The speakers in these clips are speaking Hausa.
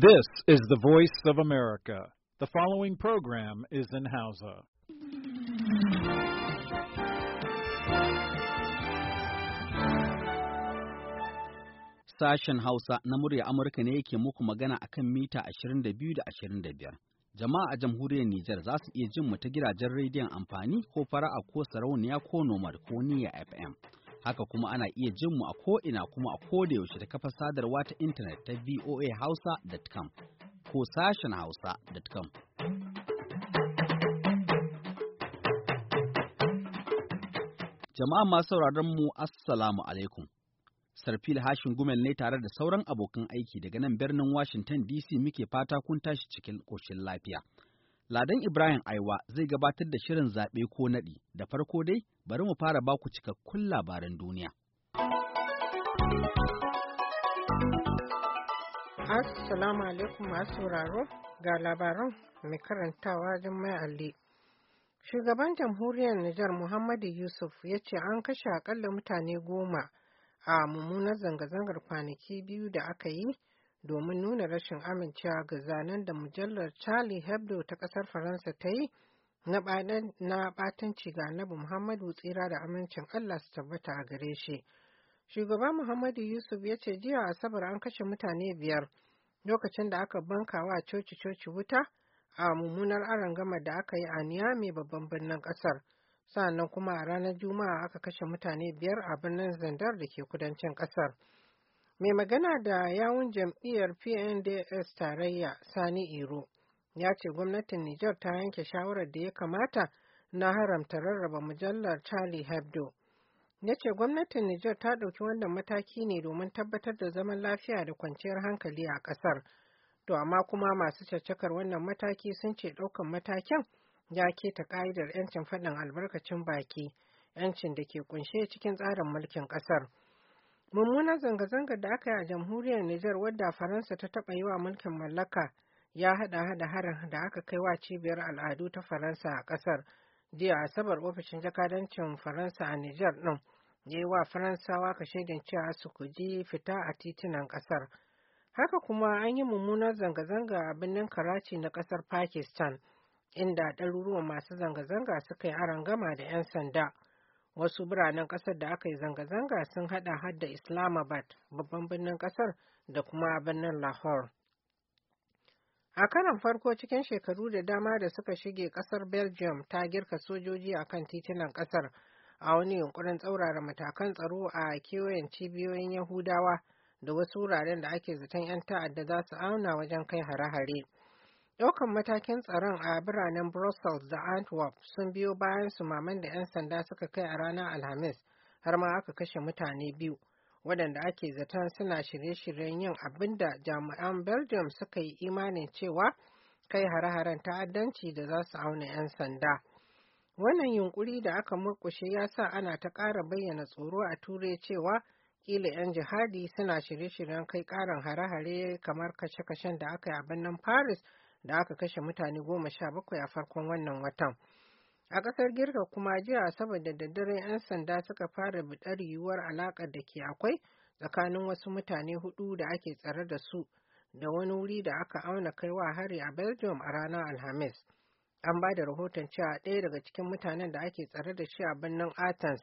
This is the voice of America. The following program is in Hausa. Sashen Hausa na murya Amurka ne yake muku magana a kan mita 22 da 25. Jama'a a jamhuriyar Nijar za su iya jin mu ta gidajen rediyon amfani ko fara'a ko sarauniya ko nomad ko niya FM. Haka kuma ana iya jin mu a ko'ina kuma a da yaushe ta kafa sadarwa ta intanet ta voahausa.com ko sashen hausa.com. Jama'a masu sauraron mu Assalamu alaikum. Sarfil Hashin Gumel ne tare da sauran abokan aiki daga nan birnin Washington DC muke fata kun tashi cikin ƙoshin lafiya. Ladan Ibrahim Aiwa zai gabatar da shirin zaɓe ko naɗi da farko dai bari mu fara baku cikakkun labaran duniya. Assalamu alaikum masu sauraro ga labaran mai karantawa mai Alli. Shugaban jamhuriyar Nijar Muhammadu Yusuf ya ce an kashe akalla mutane goma a mummunar zanga-zangar kwanaki biyu da aka yi domin nuna rashin amincewa ga zanen da mujallar Charlie Hebdo ta ƙasar Faransa ta yi na ɓatanci ga annabi Muhammadu tsira da amincin Allah su tabbata a gare shi. Shugaba Muhammadu Yusuf ya ce jiya Asabar an kashe mutane biyar lokacin da aka banka wa coci-coci wuta a mummunar gama da aka yi a Niamey babban birnin ƙasar. Sa'annan kuma a ranar Juma'a aka kashe mutane biyar a birnin Zandar da ke kudancin ƙasar. Mai magana da yawun jam'iyyar PNDS tarayya Sani Iro ya ce gwamnatin Nijar ta yanke shawarar da ya kamata na haramta rarraba mujallar Charlie Hebdo. Ya ce gwamnatin Nijar ta ɗauki wannan mataki ne domin tabbatar da zaman lafiya da kwanciyar hankali a ƙasar. To amma kuma masu caccakar wannan mataki sun ce ɗaukan matakin ya keta ƙa'idar 'yancin faɗin albarkacin baki, 'yancin da ke ƙunshe cikin tsarin mulkin ƙasar. Mummunan zanga-zangar da aka yi a jamhuriyar Nijar wadda Faransa ta taɓa yi wa mulkin mallaka ya haɗa da harin da aka kai wa cibiyar al'adu ta Faransa a ƙasar. Jiya Asabar ofishin jakadancin Faransa a Niger ɗin ya yi wa Faransawa ka shaidin cewa su guji fita a titunan ƙasar. Haka kuma an yi mummunar zanga-zanga a birnin Karachi na ƙasar Pakistan, inda ɗaruruwan masu zanga-zanga suka yi gama da 'yan sanda. Wasu biranen ƙasar da aka yi zanga-zanga sun haɗa hadda Islamabad, babban birnin ƙasar da kuma birnin Lahore. A karon farko cikin shekaru da dama da suka shige kasar Belgium ta girka sojoji a kan titunan kasar a wani yunkurin tsaurara matakan tsaro a kewayen cibiyoyin Yahudawa da wasu wuraren da ake zaton 'yan ta'adda za su auna wajen kai hare-hare. Ɗaukan matakin tsaron a biranen Brussels da Antwerp sun biyo bayan su maman da 'yan sanda suka kai a ranar Alhamis har ma aka kashe mutane biyu. waɗanda ake zaton suna shirye-shiryen yin abin da jami'an belgium suka yi imanin cewa kai hare-haren ta'addanci da za su auna 'yan sanda wannan yunkuri da aka murkushe ya sa ana ta ƙara bayyana tsoro a turai cewa kila 'yan jihadi suna shirye-shiryen kai ƙarin hare-hare kamar kashe-kashen da aka yi a birnin paris da aka kashe mutane goma sha bakwai a farkon wannan watan. A ƙasar Girka kuma jiya saboda da daddare 'yan sanda suka fara biɗar yiwuwar alaƙar da ke akwai tsakanin wasu mutane hudu da ake tsare da su da wani wuri da aka auna kaiwa hari a Belgium a ranar Alhamis. An ba da rahoton cewa ɗaya daga cikin mutanen da ake tsare da shi a birnin Athens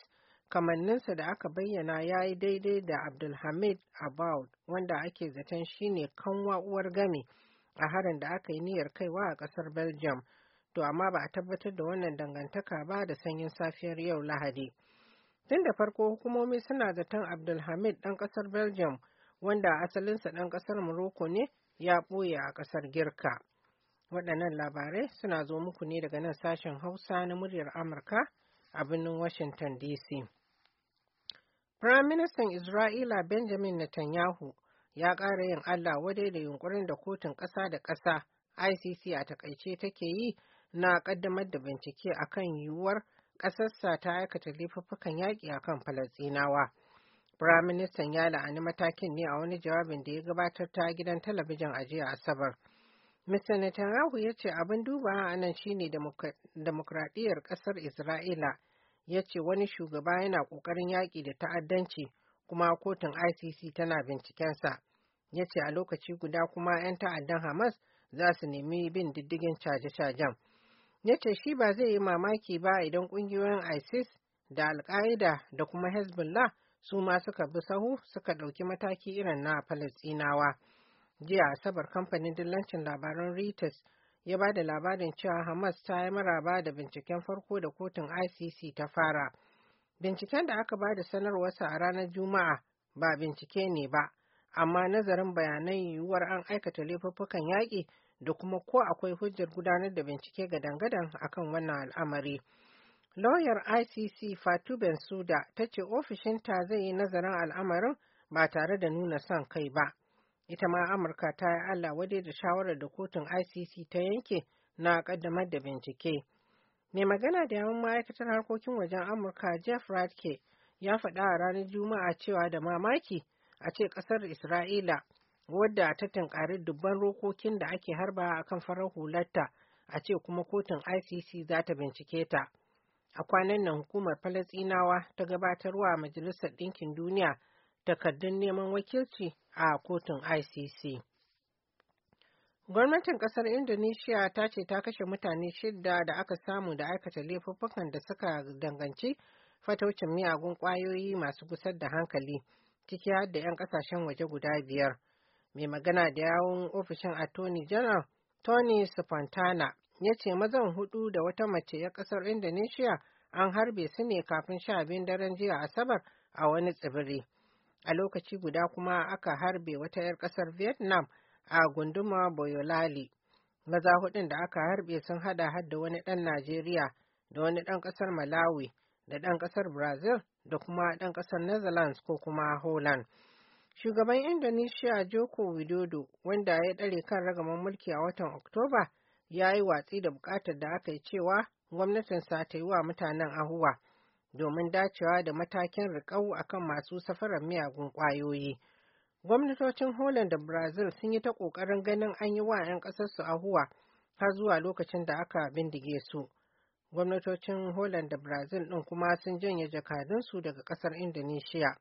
kamanninsa da aka bayyana ya yi daidai da Abdulhamid Abaud wanda ake zaton shine kanwa uwar gami a harin da aka yi niyyar kaiwa a ƙasar Belgium. to amma ba a tabbatar da wannan dangantaka ba da sanyin safiyar yau Lahadi. Tun da farko hukumomi suna zaton Abdulhamid ɗan ƙasar Belgium wanda asalinsa ɗan ƙasar Morocco ne ya ɓoye a ƙasar Girka. Waɗannan labarai suna zo muku ne daga nan sashen Hausa na muryar Amurka a birnin Washington DC. Firaministan Isra'ila Benjamin Netanyahu ya ƙara yin Allah wadai da yunkurin da kotun ƙasa da ƙasa ICC a takaice take yi na ƙaddamar da bincike akan yiwuwar ƙasarsa ta aikata laifuffukan yaƙi kan falastinawa Firaministan ya la'ani matakin ne a wani jawabin da ya gabatar ta gidan talabijin a jiya Asabar. Mr. Netanyahu ya ce abin duba a nan shine demokradiyyar ƙasar Isra'ila ya ce wani shugaba yana ƙoƙarin yaƙi da ta'addanci kuma kotun ICC tana bincikensa. Ya ce a lokaci guda kuma 'yan ta'addan Hamas za su nemi bin diddigin caje-cajen. ya ce shi ba zai yi mamaki ba idan ƙungiyoyin isis da al-qaida da kuma hezbollah su ma suka bi sahu suka ɗauki mataki irin na falastinawa jiya asabar kamfanin dillancin labaran reuters ya ba da labarin cewa hamas ta yi maraba da binciken farko da kotun icc ta fara binciken da aka ba da sanarwarsa a ranar juma'a ba bincike ne ba amma nazarin bayanan yiwuwar an aikata laifuffukan yaƙi da kuma ko akwai hujjar gudanar da bincike ga dangadan akan wannan al'amari. Lauyar ICC Fatu Bensuda ta ce ofishinta zai yi nazarin al'amarin ba tare da nuna son kai ba. Ita ma Amurka ta yi Allah wadai da shawarar da kotun ICC ta yanke na kaddamar da bincike. Mai magana da yawan ma'aikatar harkokin wajen Amurka Jeff Radke ya faɗa a ranar Juma'a cewa da mamaki a ce ƙasar Isra'ila wadda ta tunkari dubban rokokin da ake harba a kan farar hularta a ce kuma kotun icc za ta bincike ta a kwanan nan hukumar falasinawa ta gabatarwa majalisar ɗinkin duniya takardun neman wakilci a kotun icc gwamnatin ƙasar indonesia ta ce ta kashe mutane shida da aka samu da aikata laifuffukan da suka danganci fataucin miyagun kwayoyi masu kusar da hankali ciki har da 'yan ƙasashen waje guda biyar mai magana da yawun ofishin attorney general tony spontana ya ce mazan hudu da wata mace ya kasar indonesia an harbe su ne kafin sha biyun daren jiya asabar a wani tsibiri a lokaci guda kuma aka harbe wata 'yar kasar vietnam a gunduma boyolali maza hudun da aka harbe sun hada hadda wani dan najeriya da wani dan kasar malawi da dan kasar brazil da kuma dan kasar netherlands ko kuma holland Shugaban Indonesia Joko Widodo wanda ya ɗare kan ragaman mulki a watan Oktoba ya yi watsi da bukatar da aka yi cewa gwamnatinsa ta yi wa mutanen ahuwa domin dacewa da matakin riƙau akan masu safarar miyagun ƙwayoyi. Gwamnatocin Holland da Brazil sun yi ta ƙoƙarin ganin an yi wa 'yan ƙasarsu ahuwa har zuwa lokacin da aka bindige su. Gwamnatocin Holland da Brazil ɗin kuma sun janye jakadunsu daga ƙasar Indonesia.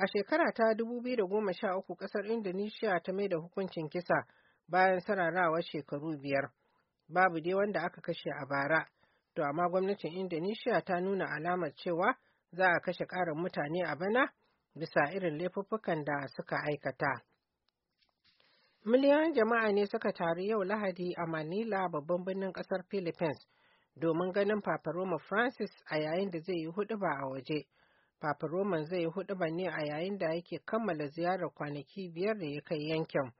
A shekara ta 2013 kasar Indonesia ta mai da hukuncin kisa bayan sararawar shekaru biyar. Babu dai wanda aka kashe a bara, to amma gwamnatin Indonesia ta nuna alamar cewa za a kashe ƙarin mutane a bana bisa irin laifuffukan da suka aikata. Miliyan jama'a ne suka taru yau Lahadi a Manila babban birnin kasar Philippines domin ganin paparoma Francis a yayin da zai yi ba a waje. Papa Roman zai huɗuba ne a yayin da yake kammala ziyarar kwanaki biyar da ya kai yankin.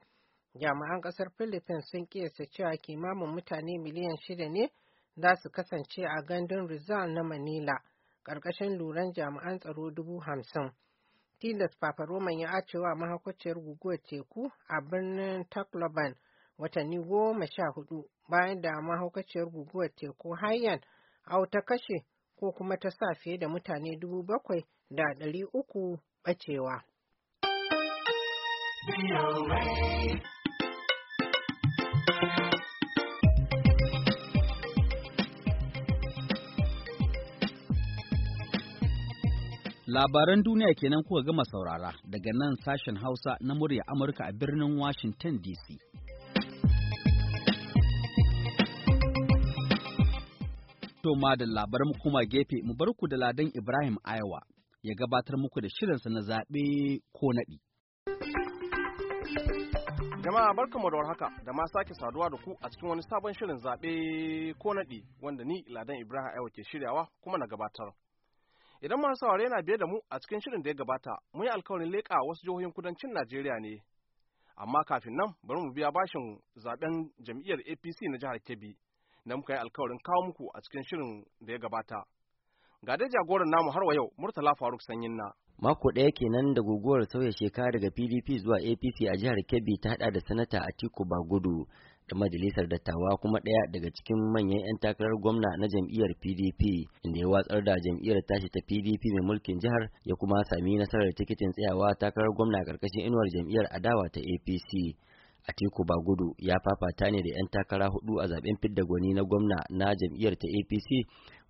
Jami'an ƙasar Philippines sun kiyasta cewa kimamin mutane miliyan shida ne za su kasance a gandun Rizal na Manila, ƙarƙashin luran jami'an tsaro dubu hamsin. Tilas Papa Roman ya acewa mahaukaciyar guguwar teku a birnin Tacloban watanni goma sha hudu bayan da mahaukaciyar guguwar teku hayan au ta kashe ko kuma ta sa fiye da mutane dubu bakwai da ɗari uku ɓacewa. Labaran duniya kenan kuka gama saurara daga nan sashen Hausa na murya Amurka a birnin Washington DC. To ma da labar mu kuma gefe mu bar ku da ladan Ibrahim Ayawa ya gabatar muku da shirinsa na zaɓe ko naɗi. Jama'a barkanmu da warhaka da ma sake saduwa da ku a cikin wani sabon shirin zaɓe ko naɗi wanda ni Ladan Ibrahim Ayawa ke shiryawa kuma na gabatar. Idan masu saurare yana biye da mu a cikin shirin da ya gabata, mun yi alkawarin leƙa wasu jihohin kudancin Najeriya ne. Amma kafin nan bari mu biya bashin zaɓen jam'iyyar APC na jihar Kebbi. da muka yi alkawarin kawo muku a cikin shirin da ya gabata. Ga dai jagoran namu har wa yau Murtala Faruk Sanyin na. Mako ɗaya kenan da guguwar sauya shekara daga PDP zuwa APC a jihar Kebbi ta haɗa da sanata Atiku Bagudu da majalisar dattawa kuma ɗaya daga cikin manyan 'yan takarar gwamna na jam'iyyar PDP inda ya watsar da jam'iyyar tashi ta PDP mai mulkin jihar ya kuma sami nasarar tikitin tsayawa takarar gwamna a ƙarƙashin inuwar jam'iyyar adawa ta APC. Atiku Bagudu ya fafata ne da 'yan takara hudu a zaben fidda gwani na gwamna na jam'iyyar ta APC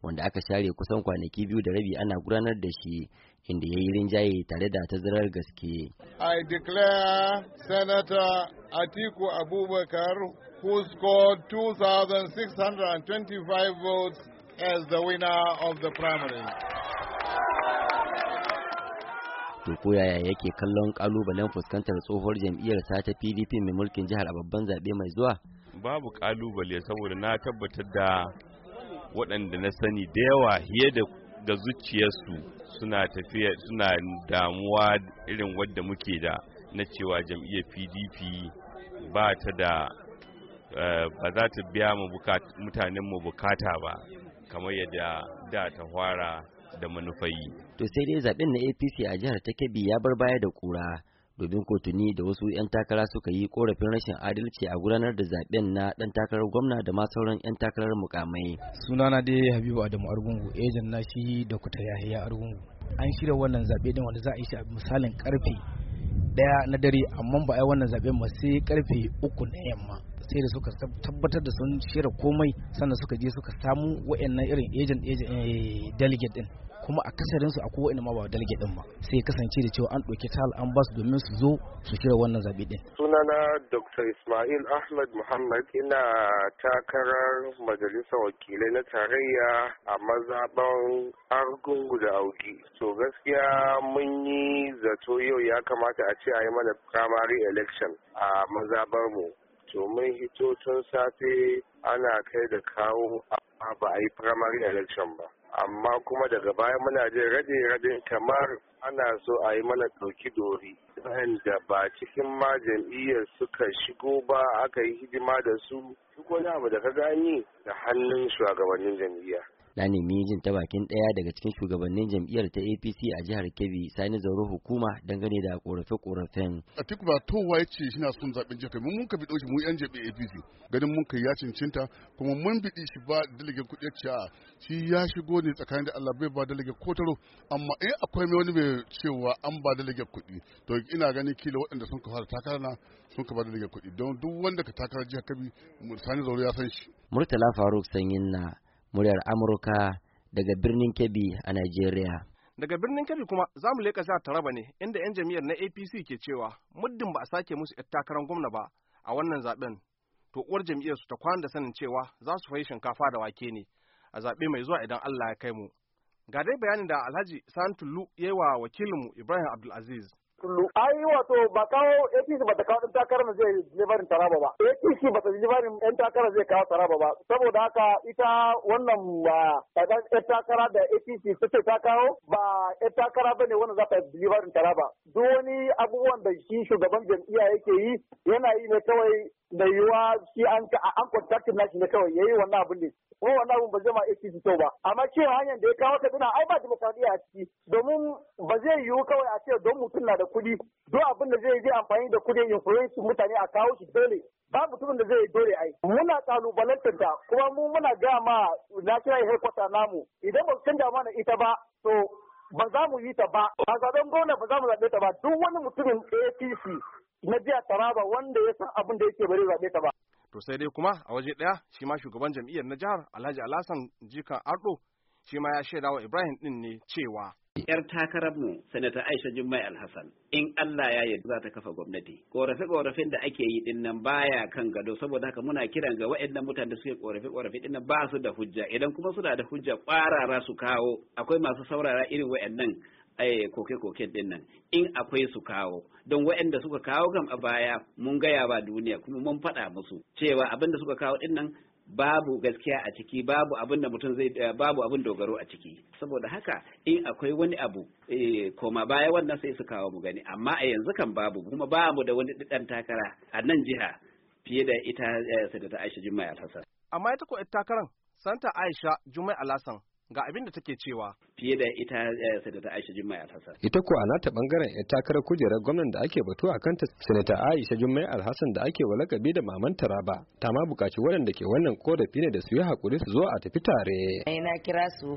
wanda aka share kusan kwanaki biyu da rabi ana gudanar da shi inda ya yi rinjaye tare da tazarar gaske. I declare Senator Atiku Abubakar who scored 2,625 votes as the winner of the primary. to ko yaya yake kallon kalubalen fuskantar tsohuwar jam'iyyar sa ta PDP mai mulkin jihar a babban zabe mai zuwa babu kalubale saboda na tabbatar da waɗanda na sani da yawa fiye da ga zuciyarsu suna tafiya suna damuwa irin wadda muke da na cewa jam'iyyar PDP ba ta da eh, ba za ta biya mu mutanenmu bukata ba kamar yadda da ta fara da manufai. To sai dai zaben na APC a jihar ta ya bar baya da kura domin kotuni da wasu 'yan takara suka yi korafin rashin adalci a gudanar da zaben na dan takarar gwamna da ma sauran 'yan takarar mukamai. Sunana dai Habibu Adamu Argungu, ejan na shi da kuta Yahaya Argungu. An shirya wannan zaɓe ne wanda za a yi shi a misalin karfe ɗaya na dare amma ba a yi wannan zaɓen ba sai karfe uku na yamma. sai da suka tabbatar da sun shirya komai sannan suka je suka samu wa'annan irin agent agent eh, delegate din kuma a kasarin su akwai wani ma ba dalge din ba sai kasance da cewa an ɗauki tal an basu domin su zo su shirya wannan zaɓe din sunana dr ismail ahmad muhammad ina takarar majalisar wakilai na tarayya a mazaban argungu da auki to gaskiya mun yi zato yau ya kamata a ce a yi mana primary election a mazabar mu to mun hito tun safe ana kai da kawo ba a yi primary election ba amma kuma daga baya muna jin rage rage kamar ana so a yi mana ɗauki dori da ba cikin ma jam'iyyar suka shigo ba aka yi hidima da su duk wani abu da ka gani da hannun shugabannin jam'iyya ya nemi jin ta bakin ɗaya daga cikin shugabannin jam'iyyar ta apc a jihar kebbi sani zauro hukuma dangane da korafe-korafen atiku ba to ya ce na son zaɓen jihar kebbi mun ka bi ɗauki mu yan jam'iyyar apc ganin mun kai ya cinta kuma mun biɗi shi ba dalilin kuɗi ya shi ya shigo ne tsakanin da allah bai ba dalilin kotaro amma in akwai mai wani mai cewa an ba dalilin kuɗi to ina ganin kila waɗanda sun ka fara takara na sun ka ba dalilin kuɗi don duk wanda ka takara jihar kebbi sani zauro ya san shi murtala faruk sanyin na muryar Amurka daga birnin Kebbi a Najeriya. Daga birnin Kebbi kuma za mu leƙa ta raba ne inda 'yan jam'iyyar na APC ke cewa muddin ba a sake musu 'yar takarar gwamna ba a wannan zaben to uwar jam'iyyar su ta kwana da sanin cewa za su fahimci shinkafa da wake ne a zaɓe mai zuwa idan Allah ya kai mu. Ga dai bayanin da Alhaji Santulu ya yi wa wakilinmu Ibrahim Abdulaziz. kullu ai wato ba kawo APC ba ta kawo ɗan takarar da zai jibarin taraba ba APC ba ta jibarin ɗan takarar zai kawo taraba ba saboda haka ita wannan ba ɗan ɗan takara da APC ce ta kawo ba ɗan takara ba ne za ta jibarin taraba duk wani abubuwan da shi shugaban jam'iyya yake yi yana yi ne kawai da yiwuwa shi an an na nashi ne kawai yayi wannan abin ne ko wannan abin ba zai ma APC kyau ba amma cewa hanyar da ya kawo ka duna ai ba dimokuraɗiyya a ciki don mutum na da kuɗi duk abin da zai je amfani da kuɗi influence mutane a kawo shi dole ba mutumin da zai dole ai muna kalubalantar ta kuma mu muna ga ma national headquarter namu idan ba canja mana ita ba to ba za mu yi ta ba a zaben gona ba za mu zaɓe ta ba duk wani mutumin APC na jiya Taraba wanda ya san abin da yake bare zaɓe ta ba. To sai dai kuma a waje ɗaya shi ma shugaban jam'iyyar na jihar Alhaji Alhassan Jikan Ardo shi ma ya shaidawa Ibrahim din ne cewa yar takarar mu sanata Aisha Jummai Alhassan in Allah ya yarda za ta kafa gwamnati korafe korafin da ake yi din nan baya kan gado saboda haka muna kiran ga waɗannan mutane da suke korafe korafe din nan ba su da hujja idan kuma suna da hujja kwarara su kawo akwai masu saurara irin waɗannan eh, koke-koke din nan in akwai su kawo don waɗanda suka kawo gam a baya mun gaya ba duniya kuma mun faɗa musu cewa abin da suka kawo din nan babu gaskiya a ciki babu abin da mutum zai eh, babu abin dogaro a ciki saboda haka in akwai wani abu eh, koma baya wannan sai su kawo mu gani amma a yanzu kan babu kuma ba mu da wani ɗan takara a nan jiha fiye da ita e, eh, sadata Aisha Jummai Alhassan amma ita ko takaran Santa Aisha Jummai Alhassan ga abin da take cewa fiye da ita yayarsa eh, da Aisha Jummai Alhassan ita ko a nata bangaren ita takarar kujerar gwamnan da ake batu a kanta sanata Aisha Jummai Alhassan da ake walakabi da maman Taraba ta ma bukaci waɗanda ke wannan korafi ne da su yi hakuri su zo a tafi tare na kira su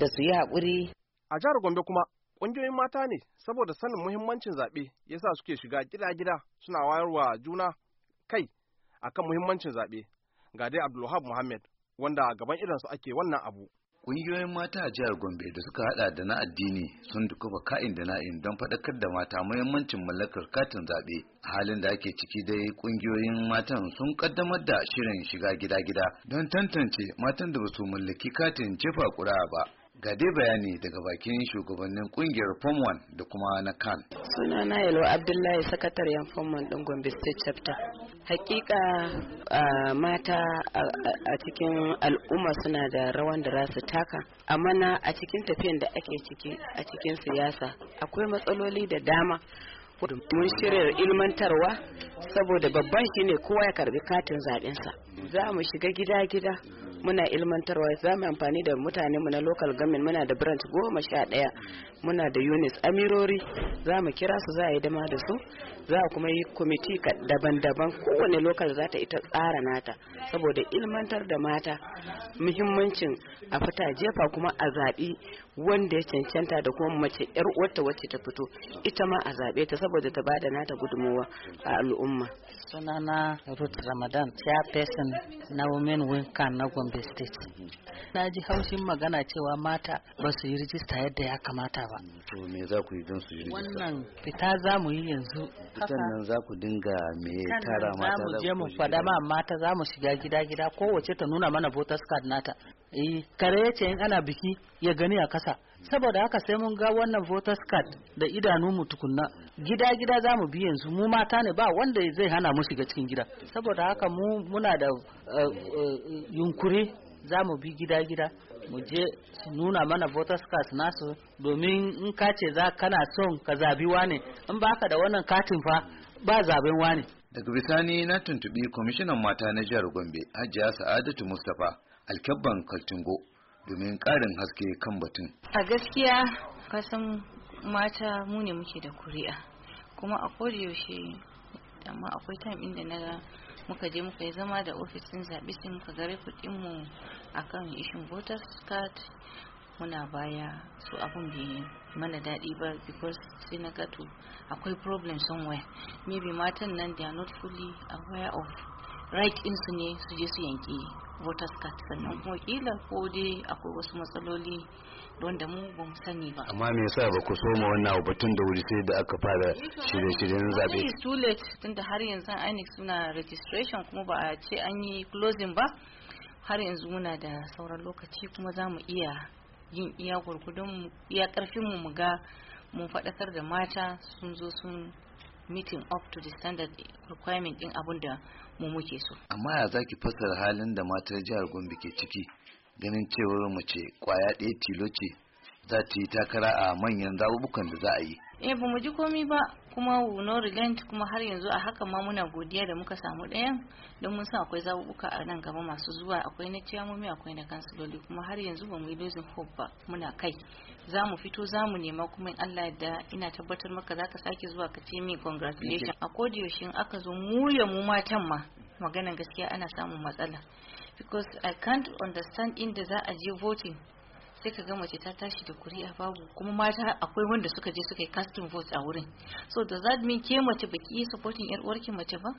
da su yi hakuri a jihar Gombe kuma ƙungiyoyin mata ne saboda sanin muhimmancin zaɓe yasa suke shiga gida-gida suna wayarwa juna kai akan muhimmancin zaɓe ga dai Abdulwahab Muhammad wanda gaban irinsu ake wannan abu Ƙungiyoyin mata a jihar Gombe da suka hada da na addini sun dukufa ka'in da na'in don faɗakar da mata muhimmancin mallakar katin zaɓe. A halin da ake ciki dai ƙungiyoyin matan sun ƙaddamar da shirin shiga gida-gida don tantance matan da ba su mallaki katin jefa ƙura ba. ga dai bayani daga bakin shugabannin kungiyar 1 da kuma na kan sunana yalwa abdullahi sakatariyar 1 ɗin gombe state chapter hakika mata a cikin al'umma suna da rawan da su taka amma na a cikin tafiyan da ake ciki a cikin siyasa akwai matsaloli da dama mun shirya ilmantarwa saboda babban shine kowa ya karbi katin zaɓensa za mu shiga gida-gida muna ilmantarwa za mu amfani da mu na local government muna da branch goma sha ɗaya muna da units amirori za mu kira su za a yi dama da su za a kuma yi kwamiti daban-daban kowane local za ta ita tsara nata saboda ilmantar da mata muhimmancin a fita jefa kuma a zaɓi wanda ya cancanta da kuma mace yar wata wacce ta fito ita ma a zaɓe ta saboda ta bada nata gudunmawa a al'umma sunana Ruth Ramadan chairperson na Women Wing na Gombe State na ji haushin magana cewa mata ba su yi rijista yadda ya kamata ba to me za ku yi don su yi rijista wannan fita za mu yi yanzu nan za ku dinga me tara mata za mu je mu fada ma mata za mu shiga gida gida kowace ta nuna mana voters card nata eh kare yace in ana biki ya gani a kasa saboda haka sai mun ga wannan voters card da idanu mu tukunna gida gida za mu bi yanzu mu mata ne ba wanda zai hana mu shiga cikin gida saboda haka mu muna da eh, eh, yunkuri za mu bi gida gida mu je nuna mana voters card nasu domin in ka ce za kana son ka zabi wane in ba ka da wannan katin fa ba zaben wane daga bisani na tuntubi kwamishinan mata na jihar gombe hajiya sa'adatu mustapha alkyabban kaltungo domin karin haske kan batun a gaskiya kasan mata mu ne muke da kuri'a kuma a yaushe amma akwai time inda na muka je muka yi zama da ofisin zaɓe sai muka gare kuɗin mu akan ishin voters card muna baya su abun bai mana daɗi ba because sai na ga akwai problem somewhere maybe matan nan they are not fully aware of right in su ne su je su yanke voters card sannan kuma kila ko dai akwai wasu matsaloli wanda mu ba mu sani ba amma me yasa ba ku soma wannan abu tun da wuri sai da aka fara eh, shirye-shiryen zabe too late tunda har yanzu INEC suna registration kuma ba a ce an yi closing ba har yanzu muna da sauran lokaci kuma za mu iya yin iya gurgudun iya karfin mu mu ga mun faɗakar da mata sun zo sun meeting up to the standard requirement din abun da mu muke so amma ya zaki fassara halin da matar jihar Gombe ke ciki ganin cewar mace kwaya ɗaya tilo ce za ta yi takara a manyan zabubukan da za a yi eh ba mu ji komai ba kuma no relent kuma har yanzu a haka ma muna godiya da muka samu ɗayan don mun san akwai zabubuka a nan gaba masu zuwa akwai na ciyamomi akwai na kansiloli kuma har yanzu ba mu yi losing hope ba muna kai za mu fito za mu nema kuma in Allah da ina tabbatar maka za zaka sake zuwa ka ce min congratulation a kodiyaushe aka zo mu ya mu matan ma maganan gaskiya ana samun matsala because I can't understand inda za a je voting sai ka ga mace ta tashi da kuri'a babu kuma mata akwai wanda suka je suka yi casting vote a wurin so does that mean ke mace baki yi supporting yar uwarki mace ba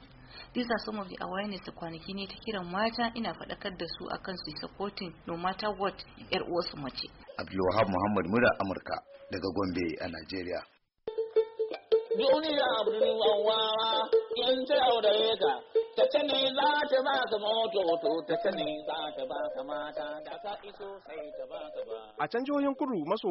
these are some of the awareness da kwanaki ne ta kiran mata ina faɗakar da su akan su supporting no matter what yar uwarsu mace Abdulwahab Muhammad Mura Amurka daga Gombe a Najeriya. Duniya birnin wawawa in ta ka, ta ne za ta ba ka ne za ta ba mata, da ka iso ta ba ka ba. A can jihohin kudu maso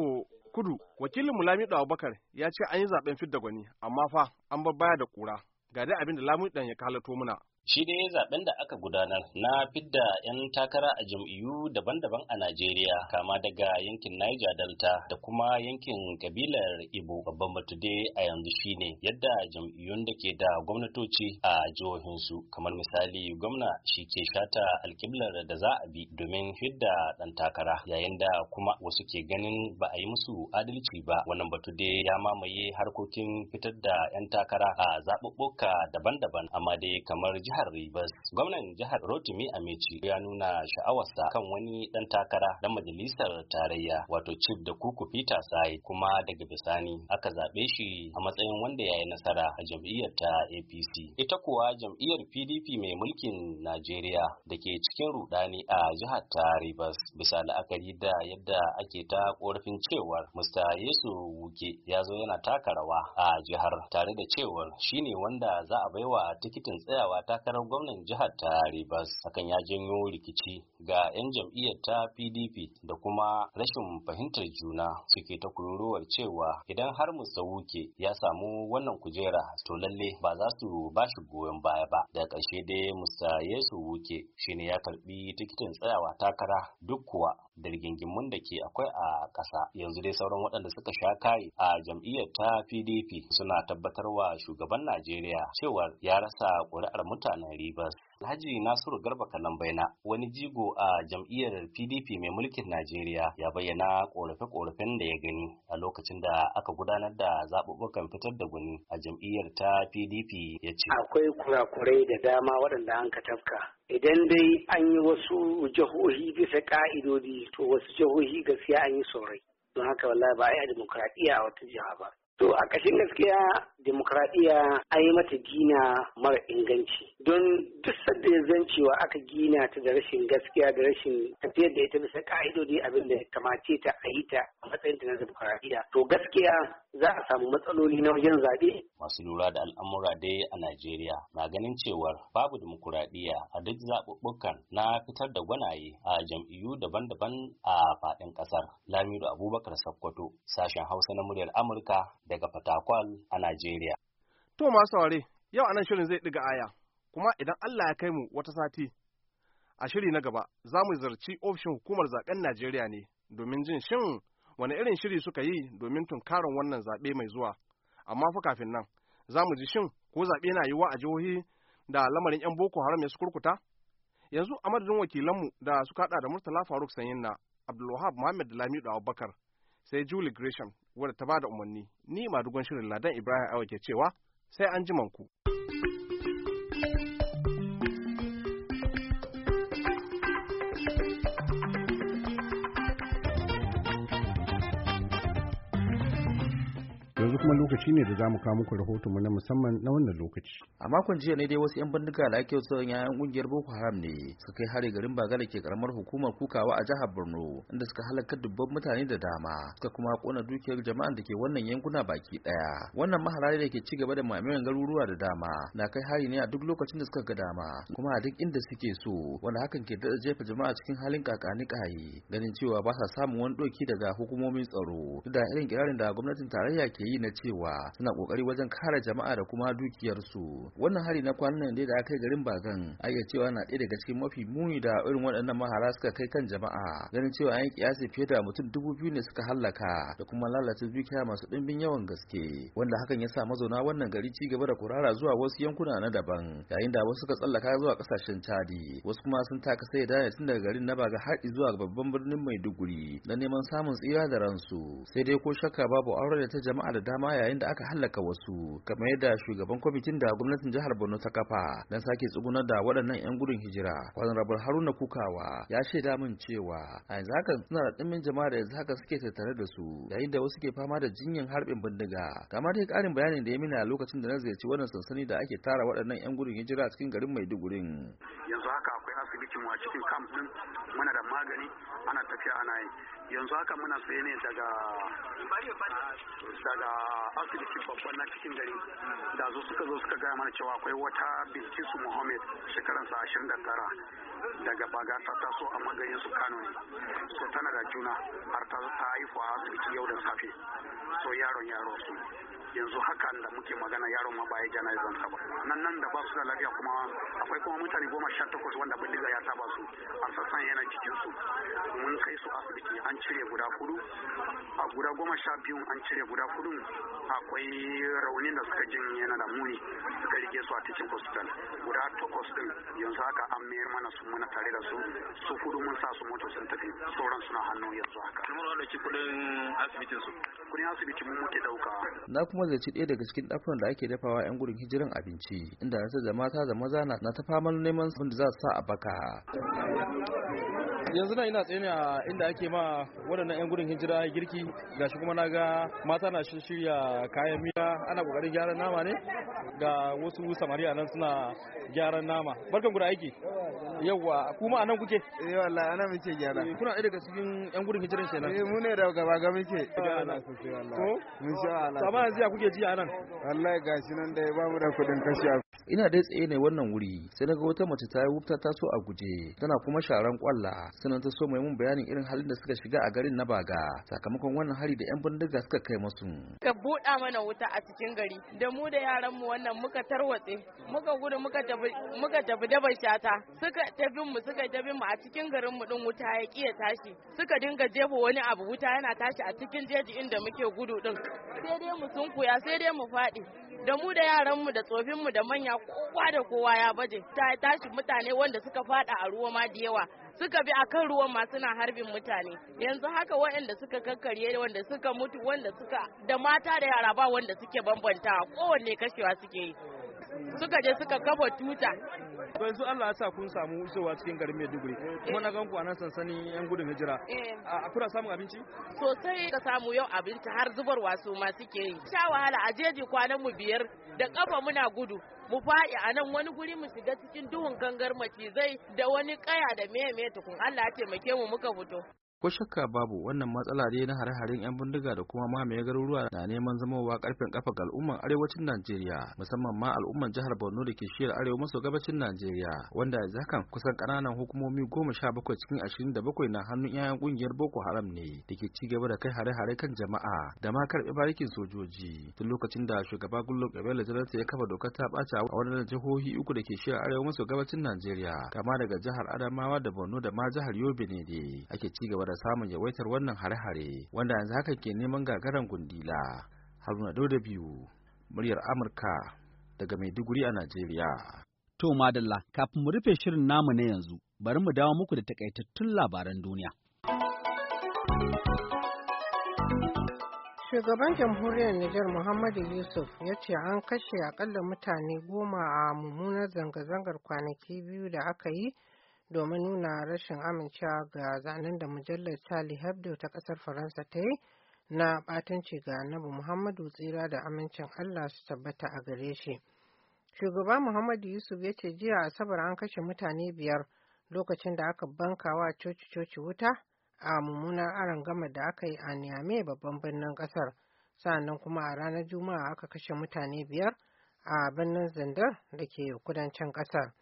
kudu, wakilin Mulamido Abubakar ya ce an yi zaben fidda gwani, amma fa an bar baya da kura. Ga dai abin da ya kalato muna. shi ne zaben da aka gudanar na fidda 'yan takara a jam'iyyu daban-daban a Najeriya kama daga yankin Niger Delta da kuma yankin kabilar Ibo babban batude a yanzu shine yadda jam'iyyun da ke da gwamnatoci a jihohinsu kamar misali gwamna shi ke shata alkiblar da za a bi domin fidda dan takara yayin da kuma wasu ke ganin ba a yi musu adalci ba wannan batude ya mamaye harkokin fitar da 'yan takara a zaɓuɓɓuka daban-daban amma dai kamar jihar Rivers. Gwamnan jihar Rotimi Amici ya nuna sha'awarsa kan wani dan takara na majalisar tarayya wato Chief da Kuku Peter Sai kuma daga bisani aka zaɓe shi a matsayin wanda ya yi nasara a jam'iyyar ta APC. Ita kuwa jam'iyyar PDP mai mulkin Najeriya da ke cikin rudani a jihar ta Rivers bisa la'akari da yadda ake ta korafin cewar Mr. Yesu Wuke ya zo yana taka rawa a jihar tare da cewar shine wanda za a baiwa tikitin tsayawa ta takarar gwamnan jihar ta Rivers. Hakan ya janyo rikici ga 'yan jam'iyyar ta PDP da kuma rashin fahimtar juna suke ta kururuwar cewa idan har Wuke ya samu wannan kujera to lalle ba za su ba shi goyon baya ba. Da ƙarshe dai Musa Yesu Wuke shine ya karbi tikitin tsayawa takara duk kuwa da rigingimun da ke akwai a ƙasa. Yanzu dai sauran waɗanda suka sha kai a jam'iyyar ta PDP suna tabbatarwa shugaban Najeriya cewa ya rasa ƙuri'ar mutane mutanen Rivers. Alhaji Nasiru Garba Kalambaina wani jigo a jam'iyyar PDP mai mulkin Najeriya ya bayyana korafe-korafen da ya gani a lokacin da aka gudanar da zaɓuɓɓukan fitar da guni a jam'iyyar ta PDP ya ce. Akwai kurakurai da dama waɗanda an ka tafka. Idan dai an yi wasu jihohi bisa ƙa'idodi, to wasu jihohi gaskiya an yi sorai. Don haka wallahi ba a yi a dimokuraɗiyya a wata jiha ba. To a ƙashin gaskiya demokradiyya a yi mata gina mara inganci don duk sadda ya zancewa aka gina ta da rashin gaskiya da rashin tafiyar da ita bisa ka'idodi abin da kamace ta a yi ta a matsayin ta na demokradiyya to gaskiya za a samu matsaloli na wajen zaɓe. masu lura da al'amura dai a najeriya na ganin cewar babu dimokuraɗiyya a duk zaɓuɓɓukan na fitar da gwanaye a jam'iyyu daban-daban a faɗin ƙasar lamido abubakar sakkwato sashen hausa na muryar amurka daga fatakwal a najeriya Najeriya. To masu saurare, yau anan shirin zai ɗiga aya, kuma idan Allah ya kai mu wata sati, a shiri na gaba za mu zarci ofishin hukumar zaben Najeriya ne domin jin shin wani irin shiri suka yi domin tunkarin wannan zaɓe mai zuwa. Amma fa kafin nan, za mu ji shin ko zaɓe na yiwuwa a jihohi da lamarin 'yan Boko Haram ya su kurkuta? Yanzu a madadin wakilanmu da suka haɗa da Murtala Faruk Sanyin na Abdulwahab Muhammad Lamido Abubakar sai Julie Gresham wadda ta bada umarni ni madugon shirin ladan ibrahim awa ke cewa sai an ku. kuma lokaci ne da za mu kawo muku rahotonmu na musamman na wannan lokaci. A makon jiya ne dai wasu 'yan bindiga da ake son yayan kungiyar Boko Haram ne suka kai hari garin Bagala ke karamar hukumar Kukawa a jihar Borno inda suka halaka dubban mutane da dama suka kuma kona dukiyar jama'an da ke wannan yankuna baki daya. Wannan maharari da ke ci gaba da mamayen garuruwa da dama na kai hari ne a duk lokacin da suka ga dama kuma a duk inda suke so wanda hakan ke daɗa jefa jama'a cikin halin kakani kayi ganin cewa ba sa samun wani doki daga hukumomin tsaro duk da irin kirarin da gwamnatin tarayya ke yi na cewa suna kokari wajen kare jama'a da kuma dukiyarsu wannan hari na kwanan da aka yi garin bagan a iya cewa na ɗaya daga cikin mafi muni da irin waɗannan mahara suka kai kan jama'a ganin cewa an yi kiyasi fiye da mutum dubu biyu ne suka hallaka da kuma lalata dukiya masu ɗimbin yawan gaske wanda hakan ya sa mazauna wannan gari ci gaba da kurara zuwa wasu yankuna na daban yayin da wasu suka tsallaka zuwa kasashen cadi wasu kuma sun taka sai da tun daga garin na baga har zuwa babban birnin maiduguri na neman samun tsira da ransu sai dai ko shakka babu aure da ta jama'a da dama dama yayin da aka hallaka wasu kamar yadda shugaban kwamitin da gwamnatin jihar Borno ta kafa don sake tsugunar da waɗannan 'yan gudun hijira rabar Haruna Kukawa ya shaida min cewa a yanzu haka suna da ɗimbin jama'a da yanzu haka suke tattare da su yayin da wasu ke fama da jinyar harbin bindiga kamar dai ƙarin bayanin da ya mina lokacin da na ziyarci wannan sansani da ake tara waɗannan 'yan gudun hijira cikin garin Maiduguri yanzu aikin wa cikin camp din muna da magani ana tafiya ana yi yanzu haka muna tsaye ne daga daga asibiti babban na cikin gari da zo suka zo suka gaya mana cewa akwai wata bilkisu muhammad shekaransa ashirin da tara daga baga ta taso a magayin su kano ne so tana da juna har ta haifu a asibiti yau da safe so yaron yaro su yanzu haka da muke magana yaron ma baya jana'izan zan ba nan nan da ba su da lafiya kuma akwai kuma mutane goma sha takwas wanda bindiga ya taba su a sassan yana cikin su mun kai su asibiti an cire guda kudu a guda goma sha biyu an cire guda kudu akwai raunin da suka jin yana da muni suka rike su a cikin hospital guda takwas din yanzu haka an mayar mana su muna tare da su su kudu mun sa su moto sun tafi sauran suna hannu yanzu haka. Kamar wanda kudin asibitin su. kudin asibiti mu muke dauka na kuma zaci ɗaya daga cikin ɗafuran da ake dafawa yan gurin hijiran abinci inda sai da mata da maza na ta faman neman sun da za su sa a baka yanzu na ina tsaye a inda ake ma waɗannan 'yan gudun hijira girki gashi kuma na ga mata na shirya kayan miya ana ƙoƙarin gyaran nama ne ga wasu samariya nan suna gyaran nama barkan guda aiki yawa kuma a nan kuke eh wallahi ana muke gyara eh, kuna ɗaya daga cikin yan gudun hijiran ke nan eh, mu ne da gaba ga muke ko mun sha Allah yanzu ya kuke ji anan wallahi shi nan da ba mu da kuɗin kashi a ina dai tsaye ne wannan wuri sai na wata mace ta yi wuta ta so a guje tana kuma sharan kwalla sannan ta so mai mun bayanin irin halin da suka shiga a garin na baga sakamakon wannan hari da yan bindiga suka kai masu. ka buɗa mana wuta a cikin gari da mu da yaran mu wannan muka tarwatse muka gudu muka tafi muka tafi da bashata suka tafi mu suka tafi mu a cikin garin mu din wuta ya kiya tashi suka dinga jefa wani abu wuta yana tashi a cikin jeji inda muke gudu din sai dai mu sunkuya sai dai mu faɗi da mu da yaran mu da tsofin mu da manya hanya kowa da kowa ya baje ta tashi mutane wanda suka fada a ruwa ma da yawa suka bi a kan ruwan masu na harbin mutane yanzu haka waɗanda suka kakkarye wanda suka mutu wanda suka da mata da yara ba wanda suke bambanta kowanne kashewa suke yi suka je suka kafa tuta yanzu Allah ya sa kun samu isowa cikin garin Maiduguri kuma eh. na ganku a nan sansanin yan gudun hijira eh. a kuna samun abinci sosai ka samu yau abinci har zubarwa su ma suke yi sha wahala a jeji kwanan mu biyar da kafa muna gudu mu faɗi a nan wani guri mu shiga cikin duhun gangar macizai da wani kaya da meye meye tukun Allah ya taimake mu muka fito ko shakka babu wannan matsala ne na hare-haren 'yan bindiga da kuma mamaye garuruwa na neman zamowa karfin kafa ga al'umman arewacin najeriya musamman ma al'umman jihar borno da ke shiyar arewa maso gabacin najeriya wanda yanzu hakan kusan ƙananan hukumomi goma sha bakwai cikin ashirin da bakwai na hannun 'ya'yan ƙungiyar boko haram ne da ke ci gaba da kai hare-hare kan jama'a da ma karɓi barikin sojoji tun lokacin da shugaba gullo ebele jonathan ya kafa dokar ta ɓaci a wannan jihohi uku da ke shiyar arewa maso gabacin najeriya kama daga jihar adamawa da borno da ma jihar yobe ne ake ci gaba da samun yawaitar wannan hare-hare wanda yanzu haka ke neman gagaran gundila haruna dauda biyu muryar amurka daga maiduguri a najeriya to madalla kafin mu rufe shirin namu na yanzu bari mu dawo muku da takaitattun labaran duniya shugaban jamhuriyar Nijar Muhammadu Yusuf ya ce an kashe akalla mutane goma a mummunar zanga-zangar kwanaki biyu da aka yi domin nuna rashin amincewa ga zanen da mujallar charlie hebdo ta kasar faransa ta yi na batanci ga annabi muhammadu tsira da amincin allah su tabbata a gare shi shugaba muhammadu yusuf ya ce jiya asabar an kashe mutane biyar lokacin da aka bankawa coci-coci wuta a mummunar aron gama da aka yi a niamey babban birnin kasar sannan kuma a ranar juma'a aka kashe mutane biyar a birnin zandar da ke kudancin kasar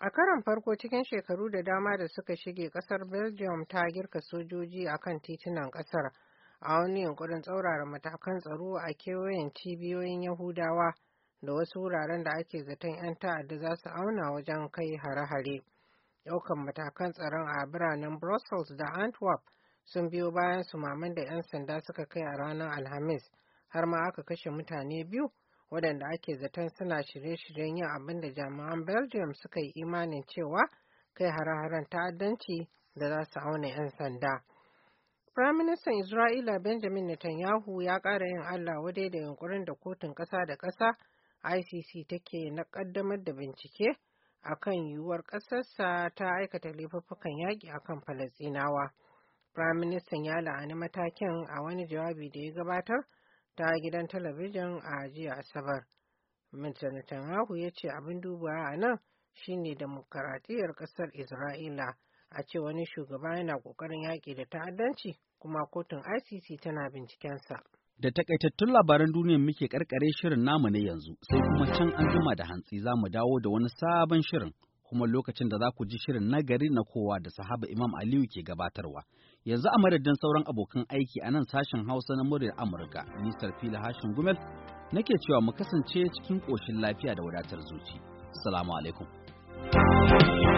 A karon farko cikin shekaru da dama da suka shige kasar Belgium ta girka sojoji a kan titunan kasar a wani yunkurin tsaurara matakan tsaro a kewayen cibiyoyin Yahudawa da wasu wuraren da ake zaton 'yan ta'adda za su auna wajen kai hare-hare. Ɗaukan matakan tsaron a biranen Brussels da Antwerp sun biyo bayan sumaman da 'yan sanda suka kai a ranar Alhamis har ma aka kashe mutane biyu waɗanda ake zaton suna shirye-shiryen yin abin da jami'an belgium suka yi imanin cewa kai hare-haren ta'addanci da za su auna 'yan sanda firaministan isra'ila benjamin netanyahu ya ƙara yin allah wadai da yunkurin da kotun ƙasa da ƙasa icc take na ƙaddamar da bincike akan yiwuwar ƙasarsa ta aikata laifuffukan yaƙi akan falasɗinawa firaministan ya la'ani matakin a wani jawabi da ya gabatar ta gidan talabijin a jiya asabar mr netanyahu ya ce abin dubawa a nan shine demokaratiyar kasar isra'ila a ce wani shugaba yana kokarin yaƙi da ta'addanci kuma kotun icc tana bincikensa da takaitattun labaran duniya muke karkare shirin namu ne yanzu sai kuma can an zuma da hantsi za mu dawo da wani sabon shirin kuma lokacin da za ku ji shirin na gari na kowa da sahaba imam aliyu ke gabatarwa Yanzu a madadin sauran abokan aiki a nan sashen Hausa na muryar Amurka, Mr. Fila Hashin Gumel, nake cewa mu kasance cikin ƙoshin lafiya da wadatar zuci. Salamu alaikum.